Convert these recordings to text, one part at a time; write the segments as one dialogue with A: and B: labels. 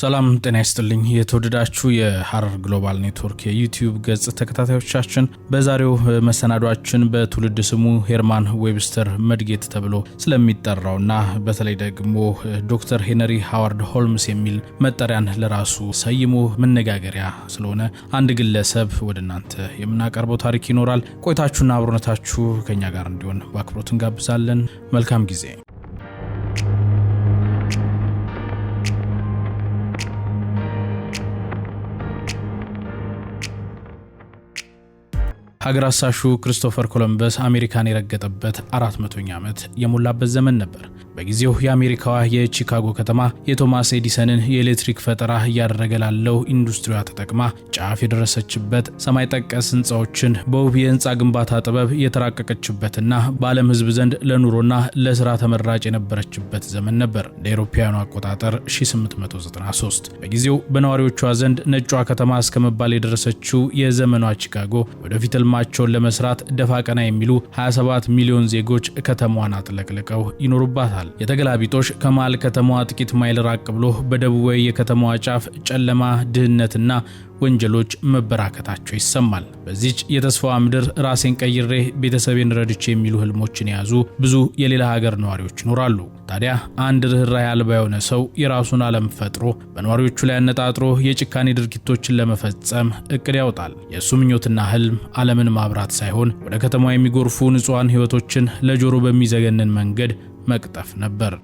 A: ሰላም ጤና ይስጥልኝ። የተወደዳችሁ የሐረር ግሎባል ኔትወርክ የዩቲዩብ ገጽ ተከታታዮቻችን፣ በዛሬው መሰናዷችን በትውልድ ስሙ ሄርማን ዌብስተር መድጌት ተብሎ ስለሚጠራውና በተለይ ደግሞ ዶክተር ሄነሪ ሃዋርድ ሆልምስ የሚል መጠሪያን ለራሱ ሰይሞ መነጋገሪያ ስለሆነ አንድ ግለሰብ ወደ እናንተ የምናቀርበው ታሪክ ይኖራል። ቆይታችሁና አብሮነታችሁ ከኛ ጋር እንዲሆን በአክብሮት እንጋብዛለን። መልካም ጊዜ ሀገር አሳሹ ክሪስቶፈር ኮሎምበስ አሜሪካን የረገጠበት 400ኛ ዓመት የሞላበት ዘመን ነበር። በጊዜው የአሜሪካዋ የቺካጎ ከተማ የቶማስ ኤዲሰንን የኤሌክትሪክ ፈጠራ እያደረገ ላለው ኢንዱስትሪዋ ተጠቅማ ጫፍ የደረሰችበት ሰማይ ጠቀስ ህንፃዎችን በውብ የህንፃ ግንባታ ጥበብ የተራቀቀችበትና በዓለም ህዝብ ዘንድ ለኑሮና ለስራ ተመራጭ የነበረችበት ዘመን ነበር። እንደ አውሮፓውያኑ አቆጣጠር 1893 በጊዜው በነዋሪዎቿ ዘንድ ነጯ ከተማ እስከመባል የደረሰችው የዘመኗ ቺካጎ ወደፊት ዓላማቸውን ለመስራት ደፋ ቀና የሚሉ 27 ሚሊዮን ዜጎች ከተማዋን አጥለቅልቀው ይኖሩባታል። የተገላቢጦሽ ከመሃል ከተማዋ ጥቂት ማይል ራቅ ብሎ በደቡባዊ የከተማዋ ጫፍ ጨለማ፣ ድህነትና ወንጀሎች መበራከታቸው ይሰማል። በዚች የተስፋዋ ምድር ራሴን ቀይሬ ቤተሰቤን ረድቼ የሚሉ ህልሞችን የያዙ ብዙ የሌላ ሀገር ነዋሪዎች ይኖራሉ። ታዲያ አንድ ርኅራኄ አልባ የሆነ ሰው የራሱን ዓለም ፈጥሮ በነዋሪዎቹ ላይ አነጣጥሮ የጭካኔ ድርጊቶችን ለመፈጸም እቅድ ያውጣል። የእሱ ምኞትና ህልም ዓለምን ማብራት ሳይሆን ወደ ከተማ የሚጎርፉ ንጹሐን ሕይወቶችን ለጆሮ በሚዘገንን መንገድ መቅጠፍ ነበር።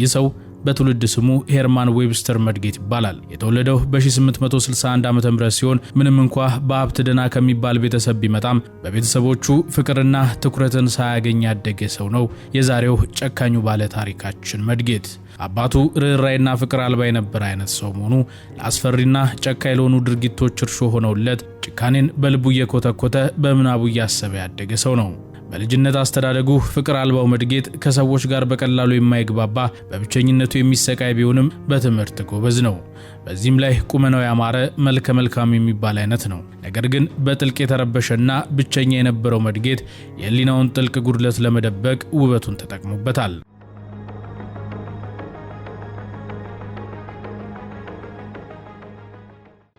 A: ይህ ሰው በትውልድ ስሙ ሄርማን ዌብስተር መድጌት ይባላል። የተወለደው በ1861 ዓ ም ሲሆን ምንም እንኳ በሀብት ደና ከሚባል ቤተሰብ ቢመጣም በቤተሰቦቹ ፍቅርና ትኩረትን ሳያገኝ ያደገ ሰው ነው። የዛሬው ጨካኙ ባለ ታሪካችን መድጌት አባቱ ርኅራይና ፍቅር አልባ የነበረ አይነት ሰው መሆኑ ለአስፈሪና ጨካኝ ለሆኑ ድርጊቶች እርሾ ሆነውለት ጭካኔን በልቡ እየኮተኮተ በምናቡ እያሰበ ያደገ ሰው ነው። በልጅነት አስተዳደጉ ፍቅር አልባው መድጌት ከሰዎች ጋር በቀላሉ የማይግባባ በብቸኝነቱ የሚሰቃይ ቢሆንም በትምህርት ጎበዝ ነው። በዚህም ላይ ቁመናው ያማረ መልከ መልካም የሚባል አይነት ነው። ነገር ግን በጥልቅ የተረበሸና ብቸኛ የነበረው መድጌጥ የሕሊናውን ጥልቅ ጉድለት ለመደበቅ ውበቱን ተጠቅሞበታል።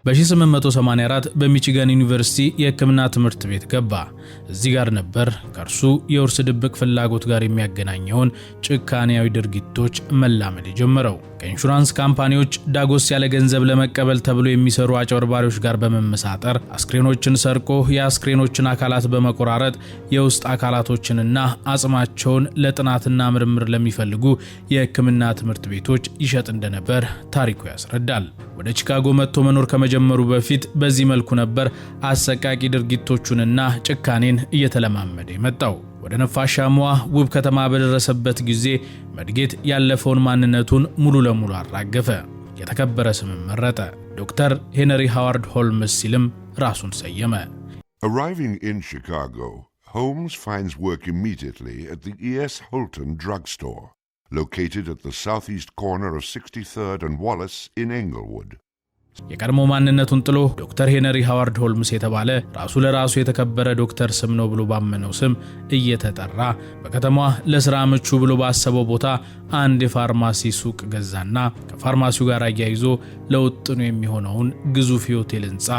A: በ1884 በሚቺጋን ዩኒቨርሲቲ የሕክምና ትምህርት ቤት ገባ። እዚህ ጋር ነበር ከእርሱ የውርስ ድብቅ ፍላጎት ጋር የሚያገናኘውን ጭካኔያዊ ድርጊቶች መላመድ የጀመረው። ከኢንሹራንስ ካምፓኒዎች ዳጎስ ያለ ገንዘብ ለመቀበል ተብሎ የሚሰሩ አጭበርባሪዎች ጋር በመመሳጠር አስክሬኖችን ሰርቆ የአስክሬኖችን አካላት በመቆራረጥ የውስጥ አካላቶችንና አጽማቸውን ለጥናትና ምርምር ለሚፈልጉ የሕክምና ትምህርት ቤቶች ይሸጥ እንደነበር ታሪኩ ያስረዳል። ወደ ቺካጎ መጥቶ መኖር ከመጀመሩ በፊት በዚህ መልኩ ነበር አሰቃቂ ድርጊቶቹንና ጭካኔን እየተለማመደ የመጣው። ወደ ነፋሻማዋ ውብ ከተማ በደረሰበት ጊዜ መድጌት ያለፈውን ማንነቱን ሙሉ ለሙሉ አራገፈ። የተከበረ ስምም መረጠ። ዶክተር ሄነሪ ሃዋርድ ሆልምስ ሲልም ራሱን ሰየመ። አራይቪንግ ኢን ሺካጎ ሆልምስ ፋይንድስ ወርክ ኢሚዲየትሊ አት ዘ ኢስ ሆልተን ድራግ ስቶር ሎኬትድ አት ዘ ሳውዝ ኢስት የቀድሞ ማንነቱን ጥሎ ዶክተር ሄነሪ ሃዋርድ ሆልምስ የተባለ ራሱ ለራሱ የተከበረ ዶክተር ስም ነው ብሎ ባመነው ስም እየተጠራ በከተማዋ ለስራ ምቹ ብሎ ባሰበው ቦታ አንድ የፋርማሲ ሱቅ ገዛና ከፋርማሲው ጋር አያይዞ ለውጥኑ የሚሆነውን ግዙፍ የሆቴል ህንፃ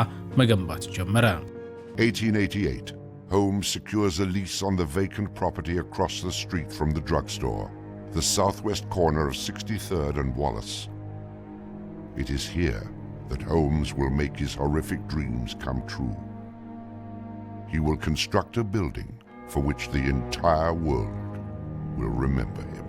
A: መገንባት ጀመረ። 1888 Holmes secures a lease on the vacant property across 63rd that Holmes will make his horrific dreams come true. He will construct a building for which the entire world will remember him.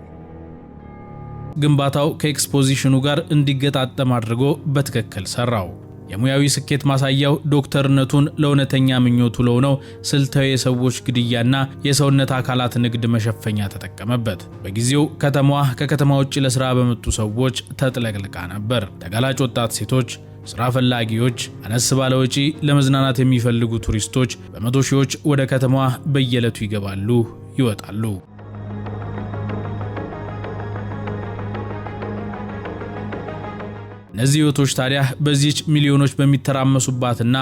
A: ግንባታው ከኤክስፖዚሽኑ ጋር እንዲገጣጠም አድርጎ በትክክል ሰራው። የሙያዊ ስኬት ማሳያው ዶክተርነቱን ለእውነተኛ ምኞቱ ለሆነው ስልታዊ የሰዎች ግድያና የሰውነት አካላት ንግድ መሸፈኛ ተጠቀመበት። በጊዜው ከተማዋ ከከተማ ውጭ ለሥራ በመጡ ሰዎች ተጥለቅልቃ ነበር። ተጋላጭ ወጣት ሴቶች፣ ሥራ ፈላጊዎች፣ አነስ ባለ ወጪ ለመዝናናት የሚፈልጉ ቱሪስቶች በመቶ ሺዎች ወደ ከተማዋ በየዕለቱ ይገባሉ፣ ይወጣሉ። እነዚህ ህይወቶች ታዲያ በዚች ሚሊዮኖች በሚተራመሱባትና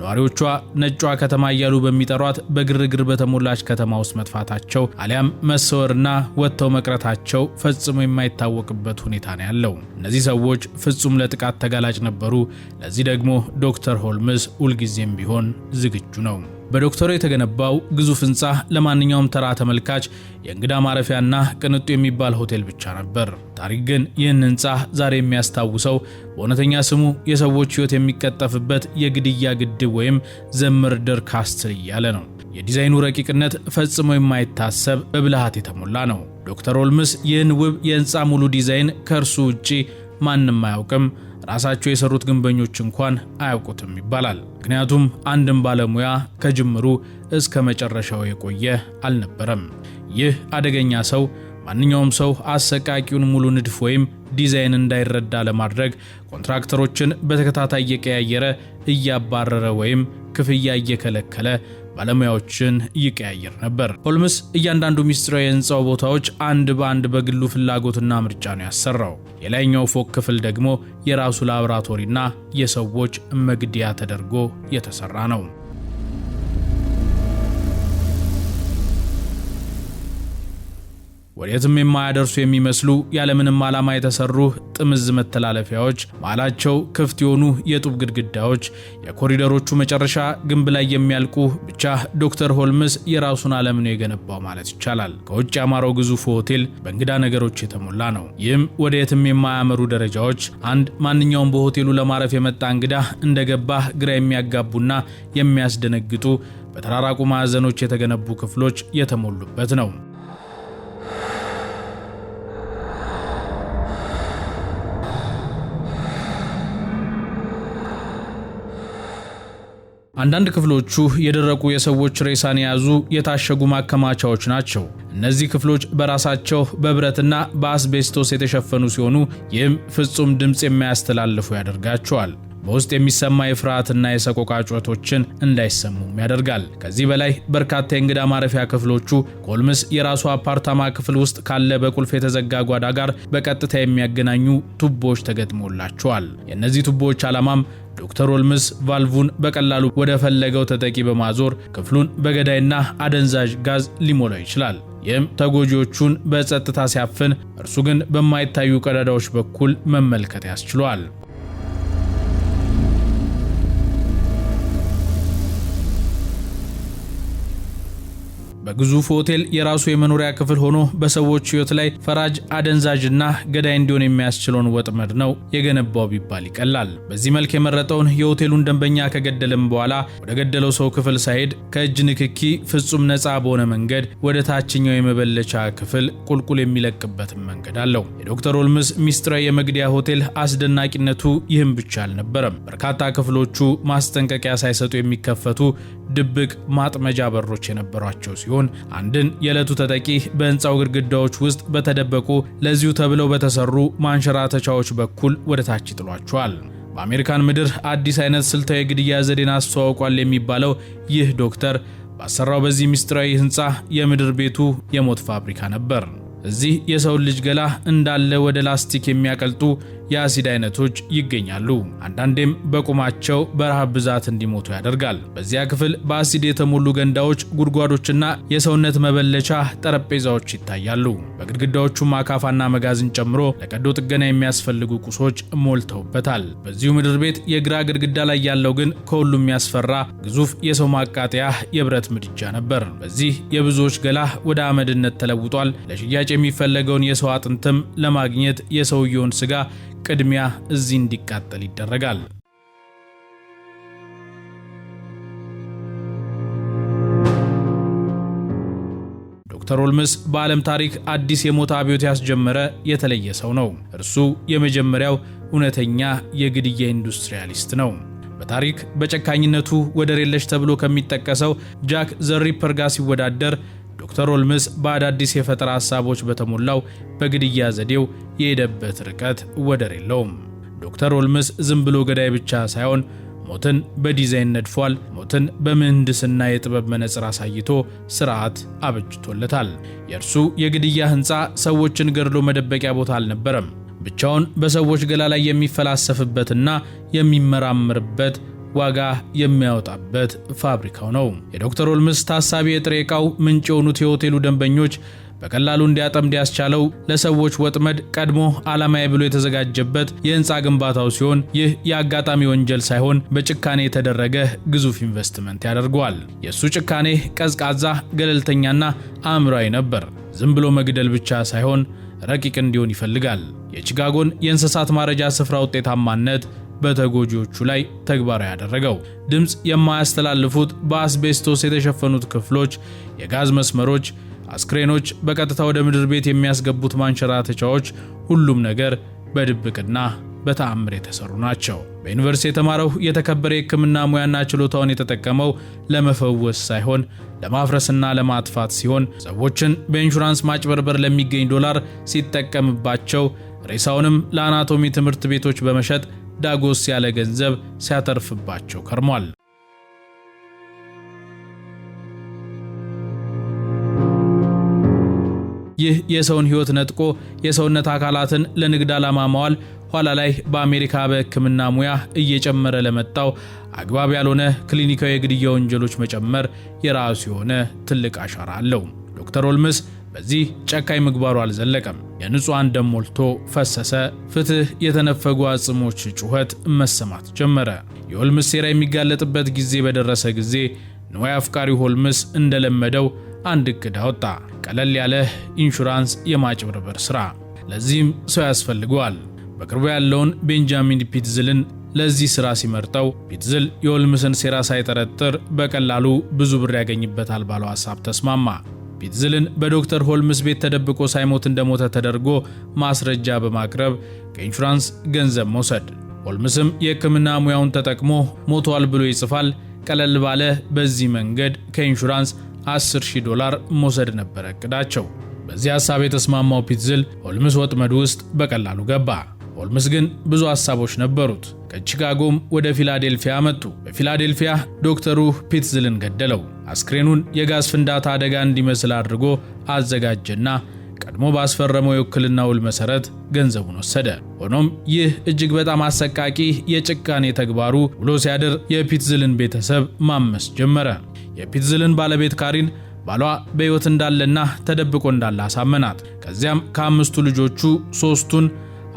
A: ነዋሪዎቿ ነጯ ከተማ እያሉ በሚጠሯት በግርግር በተሞላች ከተማ ውስጥ መጥፋታቸው አሊያም መሰወርና ወጥተው መቅረታቸው ፈጽሞ የማይታወቅበት ሁኔታ ነው ያለው። እነዚህ ሰዎች ፍጹም ለጥቃት ተጋላጭ ነበሩ። ለዚህ ደግሞ ዶክተር ሆልምስ ሁልጊዜም ቢሆን ዝግጁ ነው። በዶክተሩ የተገነባው ግዙፍ ህንፃ ለማንኛውም ተራ ተመልካች የእንግዳ ማረፊያና ቅንጡ የሚባል ሆቴል ብቻ ነበር። ታሪክ ግን ይህን ህንፃ ዛሬ የሚያስታውሰው በእውነተኛ ስሙ የሰዎች ህይወት የሚቀጠፍበት የግድያ ግድብ ወይም ዘምርደር ካስትል እያለ ነው። የዲዛይኑ ረቂቅነት ፈጽሞ የማይታሰብ በብልሃት የተሞላ ነው። ዶክተር ኦልምስ ይህን ውብ የህንፃ ሙሉ ዲዛይን ከእርሱ ውጪ ማንም አያውቅም ራሳቸው የሰሩት ግንበኞች እንኳን አያውቁትም ይባላል። ምክንያቱም አንድም ባለሙያ ከጅምሩ እስከ መጨረሻው የቆየ አልነበረም። ይህ አደገኛ ሰው ማንኛውም ሰው አሰቃቂውን ሙሉ ንድፍ ወይም ዲዛይን እንዳይረዳ ለማድረግ ኮንትራክተሮችን በተከታታይ እየቀያየረ እያባረረ ወይም ክፍያ እየከለከለ ባለሙያዎችን ይቀያየር ነበር። ሆልምስ እያንዳንዱ ሚስጥራዊ የህንፃው ቦታዎች አንድ በአንድ በግሉ ፍላጎትና ምርጫ ነው ያሰራው። የላይኛው ፎቅ ክፍል ደግሞ የራሱ ላቦራቶሪና የሰዎች መግዲያ ተደርጎ የተሰራ ነው። ወዴትም የማያደርሱ የሚመስሉ ያለምንም ዓላማ የተሰሩ ጥምዝ መተላለፊያዎች፣ መሃላቸው ክፍት የሆኑ የጡብ ግድግዳዎች፣ የኮሪደሮቹ መጨረሻ ግንብ ላይ የሚያልቁ ብቻ ዶክተር ሆልምስ የራሱን ዓለም ነው የገነባው ማለት ይቻላል። ከውጭ ያማረው ግዙፍ ሆቴል በእንግዳ ነገሮች የተሞላ ነው። ይህም ወዴትም የማያመሩ ደረጃዎች፣ አንድ ማንኛውም በሆቴሉ ለማረፍ የመጣ እንግዳ እንደገባ ግራ የሚያጋቡና የሚያስደነግጡ በተራራቁ ማዕዘኖች የተገነቡ ክፍሎች የተሞሉበት ነው። አንዳንድ ክፍሎቹ የደረቁ የሰዎች ሬሳን የያዙ የታሸጉ ማከማቻዎች ናቸው። እነዚህ ክፍሎች በራሳቸው በብረትና በአስቤስቶስ የተሸፈኑ ሲሆኑ ይህም ፍጹም ድምፅ የማያስተላልፉ ያደርጋቸዋል። በውስጥ የሚሰማ የፍርሃትና የሰቆቃ ጩኸቶችን እንዳይሰሙም ያደርጋል። ከዚህ በላይ በርካታ የእንግዳ ማረፊያ ክፍሎቹ ኮልምስ የራሱ አፓርታማ ክፍል ውስጥ ካለ በቁልፍ የተዘጋ ጓዳ ጋር በቀጥታ የሚያገናኙ ቱቦዎች ተገጥሞላቸዋል። የእነዚህ ቱቦዎች ዓላማም ዶክተር ኦልምስ ቫልቡን በቀላሉ ወደ ፈለገው ተጠቂ በማዞር ክፍሉን በገዳይና አደንዛዥ ጋዝ ሊሞላው ይችላል። ይህም ተጎጂዎቹን በጸጥታ ሲያፍን፣ እርሱ ግን በማይታዩ ቀዳዳዎች በኩል መመልከት ያስችሏል። በግዙፍ ሆቴል የራሱ የመኖሪያ ክፍል ሆኖ በሰዎች ሕይወት ላይ ፈራጅ አደንዛዥና ገዳይ እንዲሆን የሚያስችለውን ወጥመድ ነው የገነባው ቢባል ይቀላል። በዚህ መልክ የመረጠውን የሆቴሉን ደንበኛ ከገደለም በኋላ ወደ ገደለው ሰው ክፍል ሳይሄድ ከእጅ ንክኪ ፍጹም ነፃ በሆነ መንገድ ወደ ታችኛው የመበለቻ ክፍል ቁልቁል የሚለቅበትን መንገድ አለው። የዶክተር ኦልምስ ሚስጥራዊ የመግዲያ ሆቴል አስደናቂነቱ ይህም ብቻ አልነበረም። በርካታ ክፍሎቹ ማስጠንቀቂያ ሳይሰጡ የሚከፈቱ ድብቅ ማጥመጃ በሮች የነበሯቸው ሲሆን ሲሆን አንድን የዕለቱ ተጠቂ በህንፃው ግድግዳዎች ውስጥ በተደበቁ ለዚሁ ተብለው በተሰሩ ማንሸራተቻዎች በኩል ወደ ታች ይጥሏቸዋል። በአሜሪካን ምድር አዲስ አይነት ስልታዊ ግድያ ዘዴን አስተዋውቋል የሚባለው ይህ ዶክተር ባሰራው በዚህ ምስጢራዊ ህንፃ የምድር ቤቱ የሞት ፋብሪካ ነበር። እዚህ የሰውን ልጅ ገላ እንዳለ ወደ ላስቲክ የሚያቀልጡ የአሲድ አይነቶች ይገኛሉ። አንዳንዴም በቁማቸው በረሃብ ብዛት እንዲሞቱ ያደርጋል። በዚያ ክፍል በአሲድ የተሞሉ ገንዳዎች፣ ጉድጓዶችና የሰውነት መበለቻ ጠረጴዛዎች ይታያሉ። በግድግዳዎቹም አካፋና መጋዝን ጨምሮ ለቀዶ ጥገና የሚያስፈልጉ ቁሶች ሞልተውበታል። በዚሁ ምድር ቤት የግራ ግድግዳ ላይ ያለው ግን ከሁሉም የሚያስፈራ ግዙፍ የሰው ማቃጠያ የብረት ምድጃ ነበር። በዚህ የብዙዎች ገላ ወደ አመድነት ተለውጧል። ለሽያጭ የሚፈለገውን የሰው አጥንትም ለማግኘት የሰውየውን ስጋ ቅድሚያ እዚህ እንዲቃጠል ይደረጋል። ዶክተር ኦልምስ በዓለም ታሪክ አዲስ የሞት አብዮት ያስጀመረ የተለየ ሰው ነው። እርሱ የመጀመሪያው እውነተኛ የግድያ ኢንዱስትሪያሊስት ነው። በታሪክ በጨካኝነቱ ወደር የለሽ ተብሎ ከሚጠቀሰው ጃክ ዘ ሪፐር ጋር ሲወዳደር ዶክተር ኦልምስ በአዳዲስ የፈጠራ ሐሳቦች በተሞላው በግድያ ዘዴው የሄደበት ርቀት ወደር የለውም። ዶክተር ኦልምስ ዝም ብሎ ገዳይ ብቻ ሳይሆን ሞትን በዲዛይን ነድፏል። ሞትን በምህንድስና የጥበብ መነጽር አሳይቶ ስርዓት አበጅቶለታል። የእርሱ የግድያ ሕንፃ ሰዎችን ገድሎ መደበቂያ ቦታ አልነበረም። ብቻውን በሰዎች ገላ ላይ የሚፈላሰፍበትና የሚመራምርበት ዋጋ የሚያወጣበት ፋብሪካው ነው። የዶክተር ኦልምስ ታሳቢ የጥሬ ዕቃው ምንጭ የሆኑት የሆቴሉ ደንበኞች በቀላሉ እንዲያጠምድ ያስቻለው ለሰዎች ወጥመድ ቀድሞ ዓላማዬ ብሎ የተዘጋጀበት የህንፃ ግንባታው ሲሆን ይህ የአጋጣሚ ወንጀል ሳይሆን በጭካኔ የተደረገ ግዙፍ ኢንቨስትመንት ያደርገዋል። የእሱ ጭካኔ ቀዝቃዛ፣ ገለልተኛና አእምራዊ ነበር። ዝም ብሎ መግደል ብቻ ሳይሆን ረቂቅ እንዲሆን ይፈልጋል። የቺካጎን የእንስሳት ማረጃ ስፍራ ውጤታማነት በተጎጂዎቹ ላይ ተግባራዊ ያደረገው። ድምፅ የማያስተላልፉት በአስቤስቶስ የተሸፈኑት ክፍሎች፣ የጋዝ መስመሮች፣ አስክሬኖች፣ በቀጥታ ወደ ምድር ቤት የሚያስገቡት ማንሸራተቻዎች፣ ሁሉም ነገር በድብቅና በተአምር የተሰሩ ናቸው። በዩኒቨርሲቲ የተማረው የተከበረ የሕክምና ሙያና ችሎታውን የተጠቀመው ለመፈወስ ሳይሆን ለማፍረስና ለማጥፋት ሲሆን ሰዎችን በኢንሹራንስ ማጭበርበር ለሚገኝ ዶላር ሲጠቀምባቸው ሬሳውንም ለአናቶሚ ትምህርት ቤቶች በመሸጥ ዳጎስ ያለ ገንዘብ ሲያተርፍባቸው ከርሟል። ይህ የሰውን ሕይወት ነጥቆ የሰውነት አካላትን ለንግድ ዓላማ ማዋል ኋላ ላይ በአሜሪካ በሕክምና ሙያ እየጨመረ ለመጣው አግባብ ያልሆነ ክሊኒካዊ የግድያ ወንጀሎች መጨመር የራሱ የሆነ ትልቅ አሻራ አለው። ዶክተር ኦልምስ በዚህ ጨካኝ ምግባሩ አልዘለቀም። የንጹሐን ደም ሞልቶ ፈሰሰ። ፍትህ የተነፈጉ አጽሞች ጩኸት መሰማት ጀመረ። የሆልምስ ሴራ የሚጋለጥበት ጊዜ በደረሰ ጊዜ ንዋይ አፍቃሪ ሆልምስ እንደለመደው አንድ እቅድ አወጣ። ቀለል ያለ ኢንሹራንስ የማጭበርበር ሥራ። ለዚህም ሰው ያስፈልገዋል። በቅርቡ ያለውን ቤንጃሚን ፒትዝልን ለዚህ ሥራ ሲመርጠው ፒትዝል የሆልምስን ሴራ ሳይጠረጥር በቀላሉ ብዙ ብር ያገኝበታል ባለው ሐሳብ ተስማማ። ፒትዝልን በዶክተር ሆልምስ ቤት ተደብቆ ሳይሞት እንደሞተ ተደርጎ ማስረጃ በማቅረብ ከኢንሹራንስ ገንዘብ መውሰድ። ሆልምስም የሕክምና ሙያውን ተጠቅሞ ሞቷል ብሎ ይጽፋል። ቀለል ባለ በዚህ መንገድ ከኢንሹራንስ 10,000 ዶላር መውሰድ ነበረ እቅዳቸው። በዚህ ሐሳብ የተስማማው ፒትዝል ሆልምስ ወጥመድ ውስጥ በቀላሉ ገባ። ሆልምስ ግን ብዙ ሐሳቦች ነበሩት። ከቺካጎም ወደ ፊላዴልፊያ መጡ። በፊላዴልፊያ ዶክተሩ ፒትዝልን ገደለው። አስክሬኑን የጋዝ ፍንዳታ አደጋ እንዲመስል አድርጎ አዘጋጀና ቀድሞ ባስፈረመው የውክልና ውል መሠረት ገንዘቡን ወሰደ። ሆኖም ይህ እጅግ በጣም አሰቃቂ የጭካኔ ተግባሩ ውሎ ሲያድር የፒትዝልን ቤተሰብ ማመስ ጀመረ። የፒትዝልን ባለቤት ካሪን ባሏ በሕይወት እንዳለና ተደብቆ እንዳለ አሳመናት። ከዚያም ከአምስቱ ልጆቹ ሦስቱን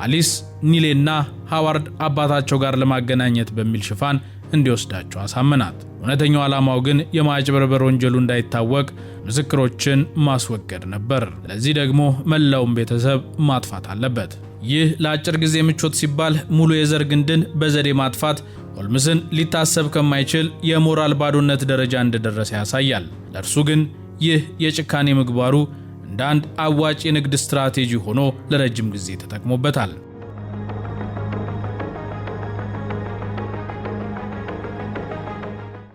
A: አሊስ ኒሌና ሃዋርድ አባታቸው ጋር ለማገናኘት በሚል ሽፋን እንዲወስዳቸው አሳመናት። እውነተኛው ዓላማው ግን የማጭበርበር ወንጀሉ እንዳይታወቅ ምስክሮችን ማስወገድ ነበር። ስለዚህ ደግሞ መላውን ቤተሰብ ማጥፋት አለበት። ይህ ለአጭር ጊዜ ምቾት ሲባል ሙሉ የዘር ግንድን በዘዴ ማጥፋት ሆልምስን ሊታሰብ ከማይችል የሞራል ባዶነት ደረጃ እንደደረሰ ያሳያል። ለእርሱ ግን ይህ የጭካኔ ምግባሩ እንደ አንድ አዋጭ የንግድ ስትራቴጂ ሆኖ ለረጅም ጊዜ ተጠቅሞበታል።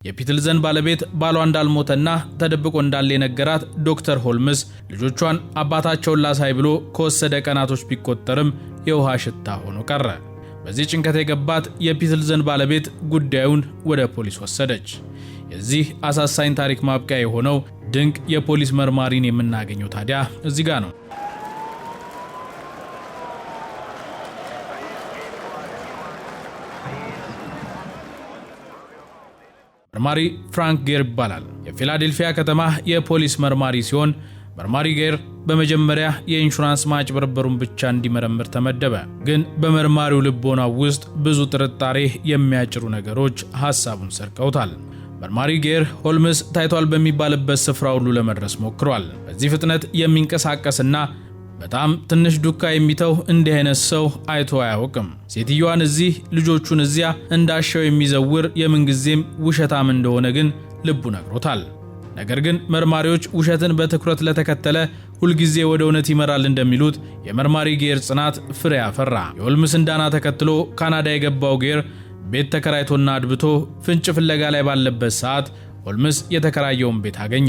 A: የፒትልዘን ባለቤት ባሏ እንዳልሞተና ተደብቆ እንዳለ የነገራት ዶክተር ሆልምስ ልጆቿን አባታቸውን ላሳይ ብሎ ከወሰደ ቀናቶች ቢቆጠርም የውሃ ሽታ ሆኖ ቀረ። በዚህ ጭንቀት የገባት የፒትልዘን ባለቤት ጉዳዩን ወደ ፖሊስ ወሰደች። የዚህ አሳሳኝ ታሪክ ማብቂያ የሆነው ድንቅ የፖሊስ መርማሪን የምናገኘው ታዲያ እዚህ ጋ ነው። መርማሪ ፍራንክ ጌር ይባላል። የፊላዴልፊያ ከተማ የፖሊስ መርማሪ ሲሆን መርማሪ ጌር በመጀመሪያ የኢንሹራንስ ማጭበርበሩን ብቻ እንዲመረምር ተመደበ። ግን በመርማሪው ልቦና ውስጥ ብዙ ጥርጣሬ የሚያጭሩ ነገሮች ሐሳቡን ሰርቀውታል። መርማሪ ጌር ሆልምስ ታይቷል በሚባልበት ስፍራ ሁሉ ለመድረስ ሞክሯል። በዚህ ፍጥነት የሚንቀሳቀስና በጣም ትንሽ ዱካ የሚተው እንዲህ አይነት ሰው አይቶ አያውቅም። ሴትዮዋን እዚህ ልጆቹን እዚያ እንዳሻው የሚዘውር የምንጊዜም ውሸታም እንደሆነ ግን ልቡ ነግሮታል። ነገር ግን መርማሪዎች ውሸትን በትኩረት ለተከተለ ሁልጊዜ ወደ እውነት ይመራል እንደሚሉት የመርማሪ ጌር ጽናት ፍሬ አፈራ። የኦልምስ እንዳና ተከትሎ ካናዳ የገባው ጌር ቤት ተከራይቶና አድብቶ ፍንጭ ፍለጋ ላይ ባለበት ሰዓት ሆልምስ የተከራየውን ቤት አገኘ።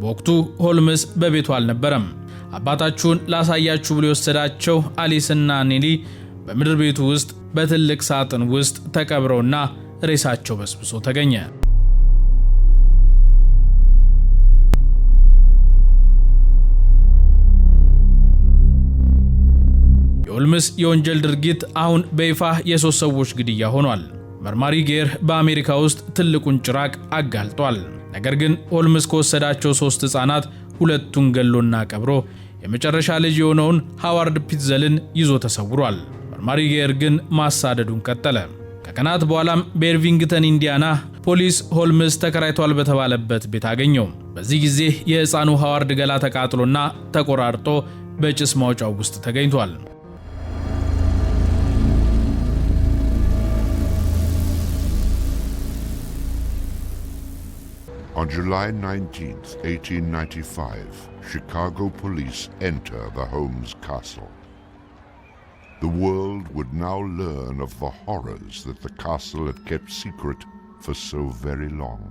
A: በወቅቱ ሆልምስ በቤቱ አልነበረም። አባታችሁን ላሳያችሁ ብሎ የወሰዳቸው አሊስና ኒሊ በምድር ቤቱ ውስጥ በትልቅ ሳጥን ውስጥ ተቀብረውና ሬሳቸው በስብሶ ተገኘ። የኦልምስ የወንጀል ድርጊት አሁን በይፋ የሶስት ሰዎች ግድያ ሆኗል። መርማሪ ጌር በአሜሪካ ውስጥ ትልቁን ጭራቅ አጋልጧል። ነገር ግን ኦልምስ ከወሰዳቸው ሶስት ሕፃናት ሁለቱን ገሎና ቀብሮ የመጨረሻ ልጅ የሆነውን ሃዋርድ ፒትዘልን ይዞ ተሰውሯል። መርማሪ ጌር ግን ማሳደዱን ቀጠለ። ከቀናት በኋላም በኤርቪንግተን ኢንዲያና ፖሊስ ሆልምስ ተከራይቷል በተባለበት ቤት አገኘው። በዚህ ጊዜ የሕፃኑ ሃዋርድ ገላ ተቃጥሎና ተቆራርጦ በጭስ ማውጫው ውስጥ ተገኝቷል።
B: On July 19, 1895, Chicago police enter the Holmes Castle. The world would now learn of the horrors that the castle had kept secret for so very long.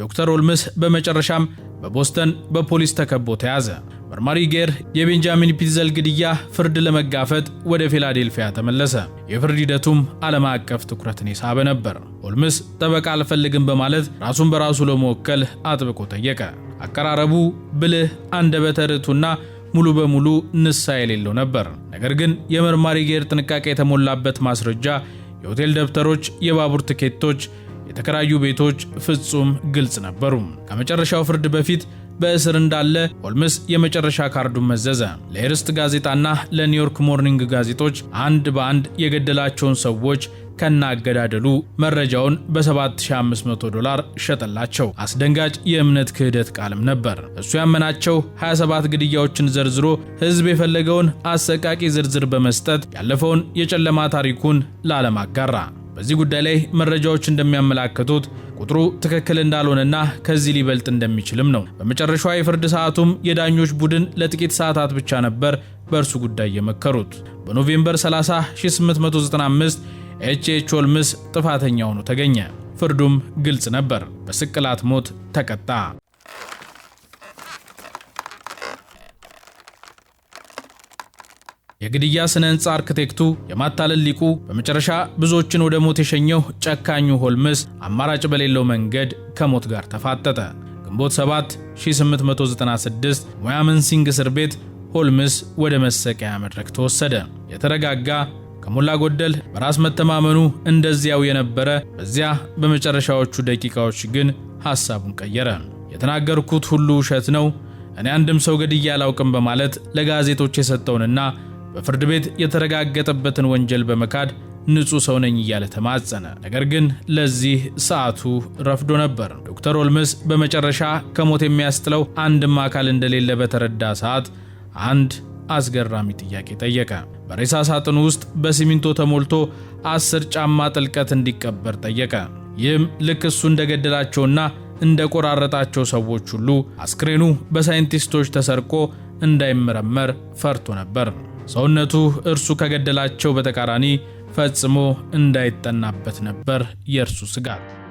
A: ዶክተር ኦልምስ በመጨረሻም በቦስተን በፖሊስ ተከቦ ተያዘ። መርማሪ ጌር የቤንጃሚን ፒትዘል ግድያ ፍርድ ለመጋፈጥ ወደ ፊላዴልፊያ ተመለሰ። የፍርድ ሂደቱም ዓለም አቀፍ ትኩረትን የሳበ ነበር። ሆልምስ ጠበቃ አልፈልግም በማለት ራሱን በራሱ ለመወከል አጥብቆ ጠየቀ። አቀራረቡ ብልህ፣ አንደበተ ርቱዕና ሙሉ በሙሉ ንሳ የሌለው ነበር። ነገር ግን የመርማሪ ጌር ጥንቃቄ የተሞላበት ማስረጃ፣ የሆቴል ደብተሮች፣ የባቡር ትኬቶች የተከራዩ ቤቶች ፍጹም ግልጽ ነበሩ። ከመጨረሻው ፍርድ በፊት በእስር እንዳለ ሆልምስ የመጨረሻ ካርዱን መዘዘ። ለኤርስት ጋዜጣና ለኒውዮርክ ሞርኒንግ ጋዜጦች አንድ በአንድ የገደላቸውን ሰዎች ከናገዳደሉ መረጃውን በ7500 ዶላር ሸጠላቸው። አስደንጋጭ የእምነት ክህደት ቃልም ነበር። እሱ ያመናቸው 27 ግድያዎችን ዘርዝሮ ሕዝብ የፈለገውን አሰቃቂ ዝርዝር በመስጠት ያለፈውን የጨለማ ታሪኩን ላለም አጋራ። በዚህ ጉዳይ ላይ መረጃዎች እንደሚያመላክቱት ቁጥሩ ትክክል እንዳልሆነና ከዚህ ሊበልጥ እንደሚችልም ነው። በመጨረሻዋ የፍርድ ሰዓቱም የዳኞች ቡድን ለጥቂት ሰዓታት ብቻ ነበር በእርሱ ጉዳይ የመከሩት። በኖቬምበር 30 1895 ኤችኤች ሆልምስ ጥፋተኛ ሆኖ ተገኘ። ፍርዱም ግልጽ ነበር፤ በስቅላት ሞት ተቀጣ። የግድያ ስነ ህንፃ አርክቴክቱ፣ የማታለል ሊቁ፣ በመጨረሻ ብዙዎችን ወደ ሞት የሸኘው ጨካኙ ሆልምስ አማራጭ በሌለው መንገድ ከሞት ጋር ተፋጠጠ። ግንቦት 7 1896 ሙያመንሲንግ እስር ቤት ሆልምስ ወደ መሰቀያ መድረክ ተወሰደ። የተረጋጋ ከሞላ ጎደል በራስ መተማመኑ እንደዚያው የነበረ በዚያ በመጨረሻዎቹ ደቂቃዎች ግን ሐሳቡን ቀየረ። የተናገርኩት ሁሉ ውሸት ነው፣ እኔ አንድም ሰው ገድዬ አላውቅም በማለት ለጋዜጦች የሰጠውንና በፍርድ ቤት የተረጋገጠበትን ወንጀል በመካድ ንጹህ ሰው ነኝ እያለ ተማጸነ። ነገር ግን ለዚህ ሰዓቱ ረፍዶ ነበር። ዶክተር ኦልምስ በመጨረሻ ከሞት የሚያስጥለው አንድም አካል እንደሌለ በተረዳ ሰዓት አንድ አስገራሚ ጥያቄ ጠየቀ። በሬሳ ሳጥኑ ውስጥ በሲሚንቶ ተሞልቶ አስር ጫማ ጥልቀት እንዲቀበር ጠየቀ። ይህም ልክ እሱ እንደገደላቸውና እንደቆራረጣቸው ሰዎች ሁሉ አስክሬኑ በሳይንቲስቶች ተሰርቆ እንዳይመረመር ፈርቶ ነበር። ሰውነቱ እርሱ ከገደላቸው በተቃራኒ ፈጽሞ እንዳይጠናበት ነበር የእርሱ ስጋት።